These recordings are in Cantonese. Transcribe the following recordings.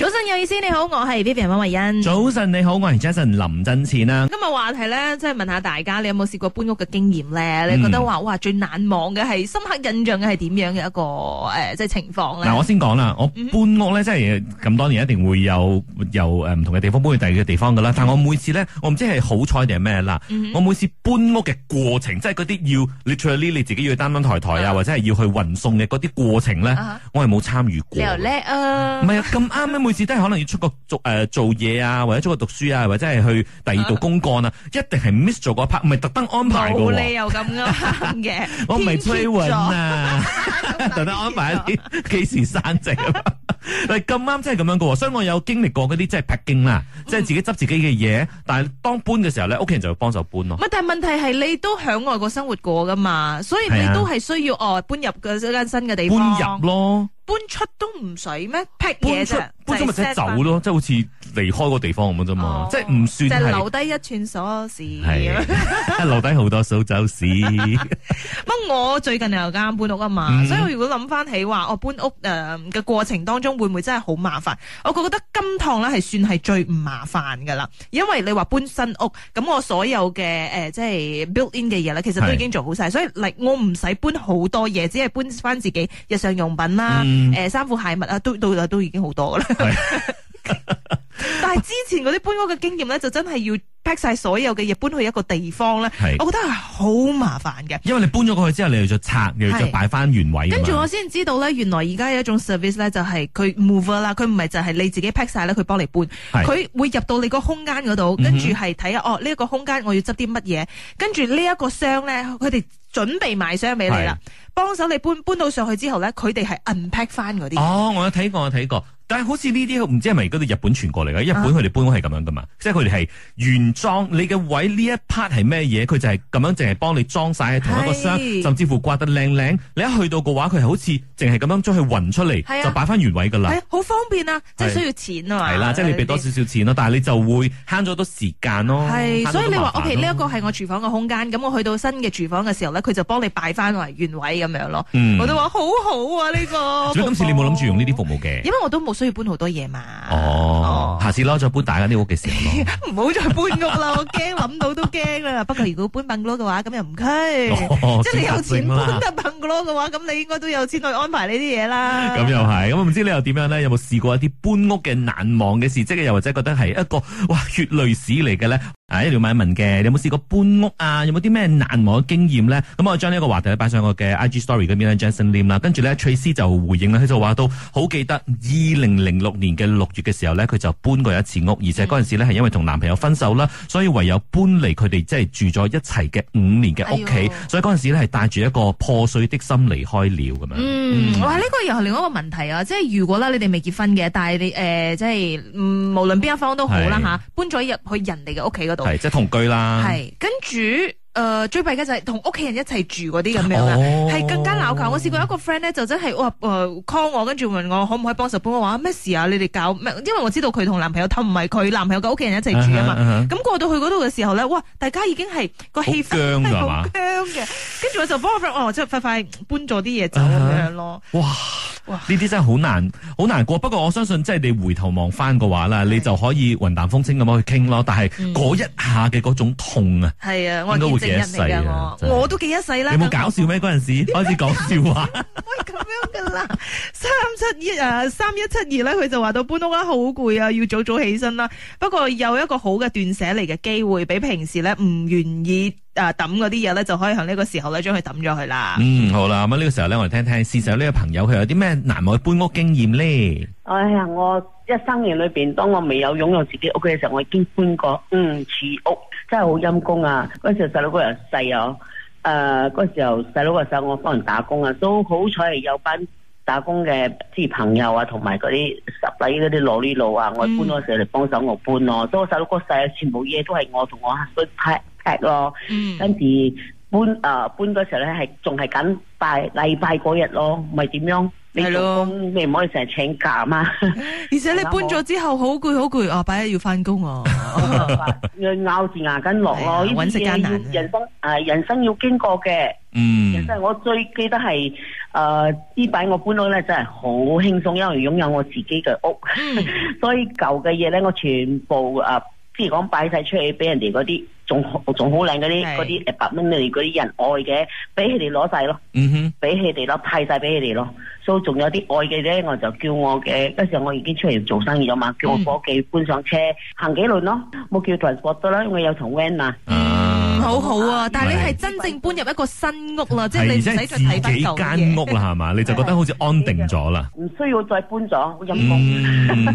早晨有意思，你好，我係 Vivian 馬慧欣。早晨你好，我係 Jason 林振前啊。今日話題咧，即、就、係、是、問一下大家，你有冇試過搬屋嘅經驗咧？你覺得話哇、嗯，最難忘嘅係深刻印象嘅係點樣嘅一個誒、呃，即係情況嗱，我先講啦，我搬屋咧，嗯、哼即係咁多年一定會有有誒唔同嘅地方搬去第二個地方噶啦。但係我每次咧，我唔知係好彩定係咩啦。嗯、哼我每次搬屋嘅過程，即係嗰啲要 literally，你自己要擔擔抬抬啊，嗯、哼或者係要去運送嘅嗰啲過程咧，嗯、哼我係冇參與過。又叻啊！唔係啊，咁啱 每次都係可能要出國，做誒做嘢啊，或者出國讀書啊，或者係去第二度公幹啊，一定係 miss 咗嗰 part，唔係特登安排，冇理由咁啱嘅。我唔係推運啊，特登安排一啲幾時生啊？嚟咁啱真係咁樣嘅，所以我有經歷過嗰啲真係劈經啦，即係自己執自己嘅嘢，但係當搬嘅時候咧，屋企人就會幫手搬咯。但係問題係你都響外國生活過噶嘛，所以你都係需要哦搬入個一間新嘅地方。搬入咯，搬出都唔使咩？劈嘢啫。咁啫，咪即走咯，即係好似離開個地方咁啫嘛，哦、即係唔算係留低一串鎖匙，係是 留低好多鎖匙。乜 我最近又啱搬屋啊嘛，嗯、所以我如果諗翻起話，我搬屋誒嘅過程當中會唔會真係好麻煩？我就覺得今趟咧係算係最唔麻煩噶啦，因為你話搬新屋，咁我所有嘅誒、呃、即係 build in 嘅嘢咧，其實都已經做好晒，是所以嚟我唔使搬好多嘢，只係搬翻自己日常用品啦，誒衫褲鞋襪啊，都都都已經好多噶啦。 但係之前嗰啲搬屋嘅經驗咧，就真係要 pack 晒所有嘅嘢搬去一個地方咧，是我覺得係好麻煩嘅。因為你搬咗過去之後，你要再拆，你是要再擺翻原位。跟住我先知道咧，原來而家有一種 service 咧，就係、是、佢 move 啦，佢唔係就係你自己 pack 晒咧，佢幫你搬，佢是會入到你空間個空間嗰度，跟住係睇下哦呢一個空間我要執啲乜嘢，跟住呢一個箱咧，佢哋準備買箱俾你啦。幫手你搬搬到上去之後咧，佢哋係 unpack 翻嗰啲。哦，我有睇過，我睇過，但係好似呢啲唔知係咪嗰度日本傳過嚟嘅？日本佢哋搬屋係咁樣噶嘛？啊、即係佢哋係原裝，你嘅位呢一 part 係咩嘢？佢就係咁樣淨係幫你裝晒喺同一個箱，是甚至乎刮得靚靚。你一去到嘅話，佢係好似淨係咁樣將佢運出嚟，是啊、就擺翻原位噶啦。係好、啊、方便啊！即、就、係、是、需要錢啊嘛。係啦、啊，即、就、係、是、你俾多少少錢咯，是啊、但係你就會慳咗多時間咯。係，所以你話，OK，呢一個係我廚房嘅空間，咁、嗯、我去到新嘅廚房嘅時候咧，佢就幫你擺翻埋原位咁。咁樣咯，嗯、我都話好好啊呢、呢個。所以今次你冇諗住用呢啲服務嘅，因為我都冇需要搬好多嘢嘛。哦，哦下次啦，再搬大家啲屋嘅時候唔好 再搬屋啦， 我驚諗到都驚啦。 不過如果搬笨哥嘅話，咁又唔拘，哦、即係你有錢搬得笨哥嘅話，咁你應該都有錢去安排呢啲嘢啦。咁又係，咁、嗯、唔、嗯、知你又點樣咧？有冇試過一啲搬屋嘅難忘嘅事，即係又或者覺得係一個哇血淚史嚟嘅咧？啊！一條、哎、問文嘅，你有冇試過搬屋啊？有冇啲咩難忘嘅經驗咧？咁我將呢一個話題擺上我嘅 IG story 嗰邊啦，Jason 念啦，跟住咧翠 r 就回應啦，佢就話到好記得二零零六年嘅六月嘅時候咧，佢就搬過一次屋，而且嗰陣時咧係因為同男朋友分手啦，所以唯有搬嚟佢哋即係住咗一齊嘅五年嘅屋企，哎、呦所以嗰陣時咧係帶住一個破碎的心離開了咁樣。嗯，哇！呢、這個又係另一個問題啊，即係如果啦，你哋未結婚嘅，但係你誒、呃，即係無論邊一方都好啦吓，是搬咗入去人哋嘅屋企嗰度。係即係同居啦，係、呃、跟住誒最弊嘅就係同屋企人一齊住嗰啲咁樣啦，係、哦、更加鬧交。我試過一個 friend 咧就真係哇誒 call 我，跟住問我可唔可以幫手搬。我話咩事啊？你哋搞咩？因為我知道佢同男朋友唞唔係佢男朋友嘅屋企人一齊住啊嘛。咁、uh huh, uh huh. 過到去嗰度嘅時候咧，哇！大家已經係個氣氛係好僵嘅，跟住 我就幫我 friend 哦，即係快快搬咗啲嘢走咁、uh huh. 樣咯。哇！呢啲哇真係好難，好難過。不過我相信，即係你回頭望翻嘅話啦，的你就可以雲淡風輕咁樣去傾咯。但係嗰一下嘅嗰種痛啊、嗯，我都會記一世啊！的我都記一世啦。有冇搞笑咩？嗰陣我時開始講笑話。 三七一誒、啊，三一七二咧，佢就話到搬屋啊好攰啊，要早早起身啦。不過有一個好嘅斷捨離嘅機會，俾平時咧唔願意誒抌嗰啲嘢咧，就可以喺呢個時候咧將佢抌咗佢啦。嗯，好啦，咁呢個時候咧，我哋聽聽，試下呢個朋友佢有啲咩難忘搬屋經驗咧。哎呀，我一生年裏邊，當我未有擁有自己屋嘅時候，我已經搬過嗯住屋，真係好陰功啊！嗰時細佬個人細啊。誒，嗰、uh, 時候細佬個時候，弟弟我幫人打工啊，都好彩係有班打工嘅，即係朋友啊，同埋嗰啲十禮嗰啲老呢路啊，我搬嗰時嚟幫手我搬咯、啊 mm.，所以我細佬個世全部嘢都係我同我阿叔 pack pack 咯跟住搬誒、呃、搬嗰時咧係仲係緊拜禮拜日咯，唔係點樣？係咯，你唔可以成日請假嘛？而且你搬咗之後好攰，好攰啊，擺下要翻工啊。哦， 要咬住牙根落哦，呢啲嘢要人生誒、啊，人生要經過嘅。嗯，其實我最記得係誒呢擺我搬屋咧，真係好輕鬆，因為擁有我自己嘅屋， 所以舊嘅嘢咧，我全部誒、啊、即係講擺晒出去俾人哋嗰啲。仲仲好靚嗰啲嗰百蚊類嗰啲人愛嘅，俾佢哋攞晒咯，俾佢哋攞派晒俾佢哋咯，所以仲有啲愛嘅咧，我就叫我嘅嗰時候我已經出嚟做生意咗嘛，叫我伙計搬上車、嗯、行幾輪咯，冇叫 transport 啦，我有同 van 嘛。啊好好啊！但係你係真正搬入一個新屋啦，是即係唔使再睇翻舊屋啦，係嘛？你就覺得好似安定咗啦，唔需要再搬咗入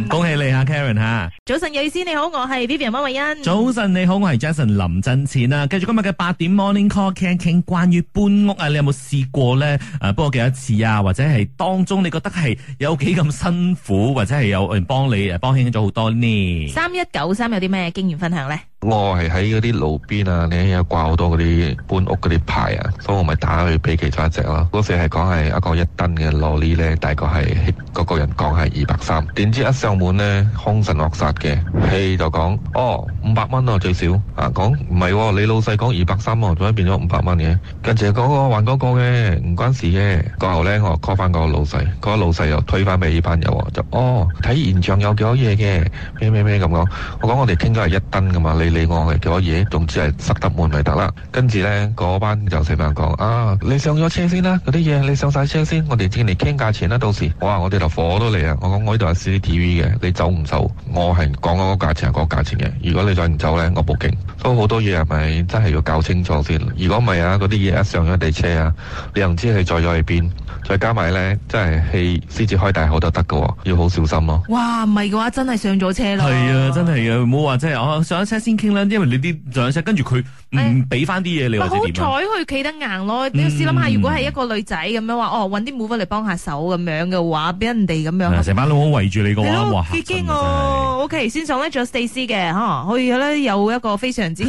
屋。恭喜你啊，Karen 吓！早晨，有意思，你好，我係 Vivian 溫慧欣。早晨，你好，我係 Jason 林振錢啊！繼續今日嘅八點 Morning Call 傾一傾，關於搬屋啊，你有冇試過咧？誒，搬過幾多次啊？或者係當中你覺得係有幾咁辛苦，或者係有人幫你誒幫輕咗好多呢？三一九三有啲咩經驗分享咧？我係喺嗰啲路邊啊，你有掛好多嗰啲搬屋嗰啲牌啊，所以我咪打去俾其中一隻咯。嗰時係講係一個一噸嘅羅厘咧，大概係個個人講係二百三。點知一上門咧，兇神惡煞嘅，就講哦，五百蚊啊，最少啊。講唔係你老細講二百三啊，做咩變咗五百蚊嘅？跟住嗰個還嗰個嘅，唔關事嘅。過後咧，我 call 翻個老細，個老細又推翻俾呢班友，就哦，睇現場有幾多嘢嘅咩咩咩咁講。我講我哋傾咗係一噸噶嘛，你。你我嘅幾多嘢，總之係塞得滿咪得啦。跟住咧，嗰班就成班講啊，你上咗車先啦，啊，嗰啲嘢你上晒車先，我哋先嚟傾價錢啦，啊。到時，哇我話我哋就火都嚟啊！我講我呢度係 CCTV 嘅，你走唔走？我係講嗰個價錢係嗰個價錢嘅。如果你再唔走咧，我報警。都好多嘢係咪真係要搞清楚先？如果唔係啊，嗰啲嘢一上咗地車啊，你又唔知佢載咗去邊，再加埋咧，真係獅子開大口都得噶，要好小心咯。哇，唔係嘅話真係上咗車啦。係啊，真係啊，唔好話即係我上咗車先。傾啦，因為你啲仲有聲，跟住佢唔俾翻啲嘢你，好彩佢企得硬咯。你試諗下，如果係一個女仔咁樣話，哦，搵啲 m 法嚟幫下手咁樣嘅話，俾人哋咁樣，成班佬圍住你個，結經我 OK，先上咧仲有四 C 嘅嗬，可以咧有一個非常之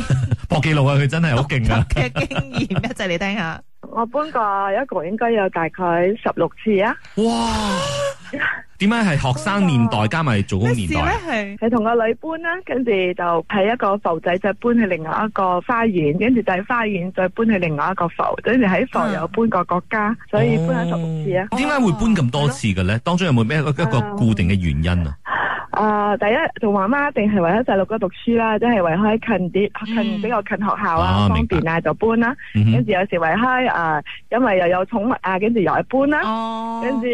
博 記錄啊，佢真係好勁啊！嘅經驗一齊你聽下，我搬過一個應該有大概十六次啊，哇！點解係學生年代加埋做工年代？係同個女搬啦，啊，跟住就喺一個浮仔，就搬去另外一個花園，跟住就喺花園再搬去另外一個浮，跟住喺浮又搬過國家，啊，所以搬咗十六次啊！點解，哦，會搬咁多次嘅咧？了當中有冇咩一個固定嘅原因啊？啊！第一同媽媽一定係為咗細路哥讀書啦，即係為咗近啲近比較近學校啊，方便啊，就搬啦。跟住有時為咗啊，因為又有寵物啊，跟住又係搬啦。跟住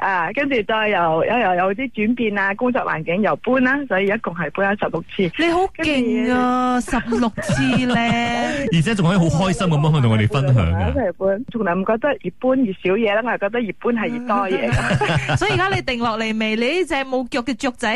啊，跟住再又又又有啲轉變啊，工作環境又搬啦，所以一共係搬咗十六次。你好勁啊，十六次咧！而且仲可以好開心咁樣同我哋分享啊！一係搬，仲唔覺得越搬越少嘢啦？我係覺得越搬係越多嘢。所以而家你定落嚟未？你呢隻冇腳嘅雀仔？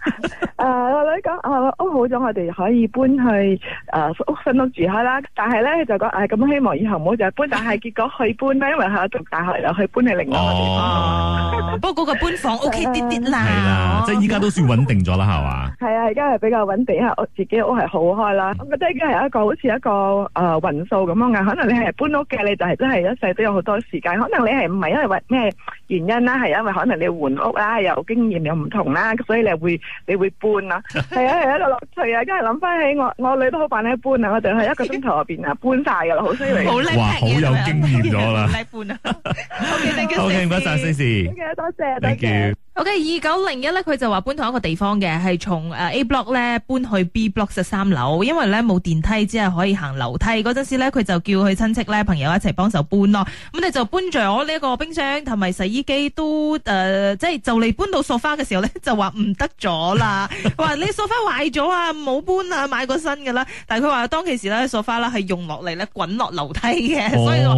誒、 uh，我女講，我屋好咗，我哋可以搬去誒屋新屋住下啦。但係咧就講，誒、啊、咁希望以後唔好再搬。 但係結果去搬啦，因為吓讀大學啦，去搬去另外一個地方。不過嗰個搬房 OK 啲啲啦，係啦，即係依家都算穩定咗啦，係嘛？係啊，而家係比較穩定啊，我自己屋係好開啦。 我覺得依家係一個好似一個誒運數咁樣嘅，可能你係搬屋嘅，你就係真係一世都有好多時間。可能你係唔係因為為咩原因啦？係因為可能你換屋啦，又經驗又唔同啦，所以你會。你會搬啊？係啊，係喺度樂趣啊！一係諗翻起我我女都好煩你搬啊！我哋係一個鐘頭入邊啊，搬晒噶啦，好犀利，好叻哇！好有經驗咗啦，叻搬啊！OK，唔該晒，c C，多謝，多謝，Thank you。謝 OK，二九零一咧，佢就話搬同一個地方嘅，係從誒 A block 咧搬去 B block 十三樓，因為咧冇電梯，只係可以行樓梯。嗰陣時咧，佢就叫佢親戚咧朋友一齊幫手搬咯。咁你就搬咗呢個冰箱同埋洗衣機都誒，即、呃、係就嚟、是、搬到沙發嘅時候咧，就話唔得咗啦。佢話 你沙發壞咗啊，冇搬啊，買過新噶啦。但係佢話當其時咧，沙發啦係用落嚟咧滾落樓梯嘅，哦、所以話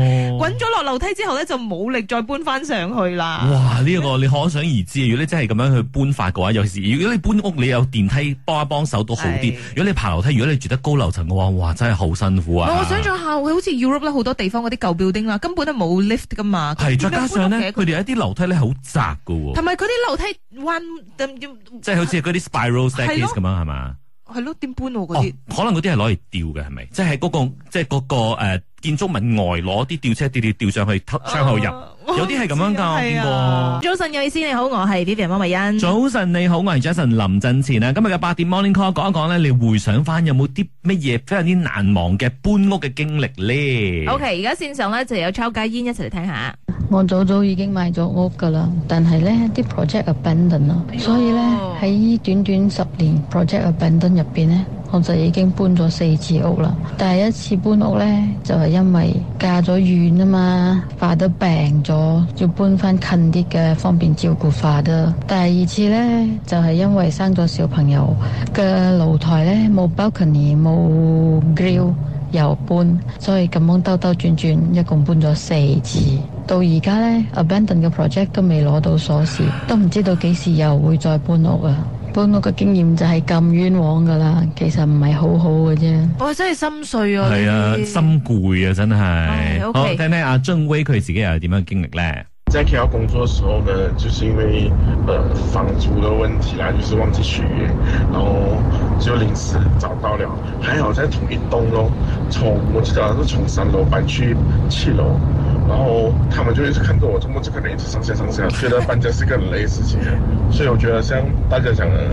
滾咗落樓梯之後咧就冇力再搬翻上去啦。哇，呢、這個你可想而知。 如果你真係咁樣去搬法嘅話，尤其是如果你搬屋，你有電梯幫，幫一幫手都好啲。的如果你爬樓梯，如果你住得高樓層嘅話，哇，真係好辛苦啊！我想像下，佢好似 Europe 好多地方嗰啲舊 building 啦，根本都冇 lift 噶嘛。係的，再加上咧，佢哋有一啲樓梯咧好窄嘅喎。同埋嗰啲樓梯彎，one, 嗯、即係好似嗰啲 spiral staircase 咁的樣係嘛？係咯，點搬喎嗰啲？可能嗰啲係攞嚟吊嘅，係咪？即係嗰、嗰個，即係嗰、嗰個、呃、建築物外攞啲吊車吊吊上去，窗口入。啊。有啲係咁樣噶、啊，早晨有意思，你好，我係 Vivian 莫慧欣。早晨你好，我係 Jason 林振前啊。今日嘅八點 morning call，講一講咧，你回想翻有冇啲乜嘢非常之難忘嘅搬屋嘅經歷咧。OK，而家線上咧就有抽戒煙，一齊嚟聽下。我早早已經買咗屋噶啦，但係咧啲 project abandon 啦，所以咧喺短短十年 project abandon 入邊咧。我就已經搬咗四次屋啦。第一次搬屋呢，就係因為嫁咗遠啊嘛，爸得病咗，要搬翻近啲嘅方便照顧爸得。第二次呢，就係因為生咗小朋友嘅露台呢冇 balcony 冇 grill，又搬，所以咁樣兜兜轉轉，一共搬咗四次。到而家呢，abandon 嘅 project 都未攞到鎖匙，都唔知道幾時又會再搬屋啊！搬屋嘅經驗就係咁冤枉噶啦，其實唔係好好嘅啫。我、哦、真係心碎啊，係啊，些心攰啊，真係。哎 okay，好，聽聽阿俊威佢自己又係點樣經歷咧？在 K 幺工作的時候呢，就是因為，呃，房租的問題啦，就是忘記續約，然後就臨時找到了，還好在同一棟咯，從我記得係從三樓搬去七樓。然後他們就一直看着我，周末這個人一直上下上下，覺得搬家是個累事情， 所以我覺得像大家講的，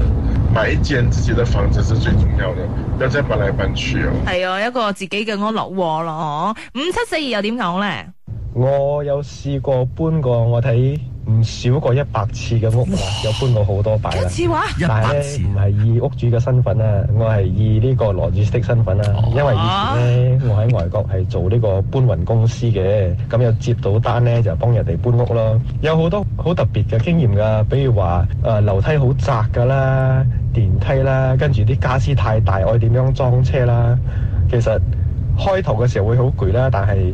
買一間自己的房子是最重要的，不要再搬來搬去哦。係、啊、一個自己嘅安樂窩咯，五七四二又點講咧？我有試過搬過，我睇。唔少過一百次嘅屋啊，哇有搬到好多擺啦。但係咧，唔係以屋主嘅身份啊，我係以呢個羅主士嘅身份啦、啊。哦、因為以前咧，嗯、我喺外國係做呢個搬運公司嘅，咁又接到單咧就幫人哋搬屋咯。有好多好特別嘅經驗㗎，比如話誒、呃、樓梯好窄㗎啦，電梯啦，跟住啲傢俬太大，我點樣裝車啦？其實開頭嘅時候會好攰啦，但係，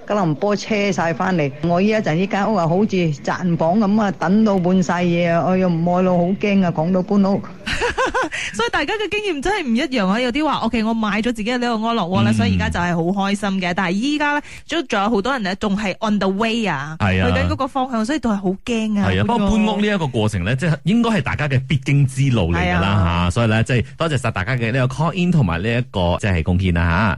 可能波車晒翻嚟，我依家陣呢間屋啊，好似賺房咁啊，等到半世嘢啊！我又唔愛佬好驚啊，講到搬屋， 所以大家嘅經驗真係唔一樣啊！有啲話，OK，我買咗自己嘅呢個安樂窩啦，嗯、所以而家就係好開心嘅。但係依家咧，仲有好多人咧，仲係 underway 啊，去緊嗰個方向，所以都係好驚啊。不過、啊、搬屋呢一個過程咧，即係、嗯、應該係大家嘅必經之路嚟噶啦吓，所以咧即係多謝晒大家嘅呢個 call in 同埋呢一個即係貢獻啦吓。啊。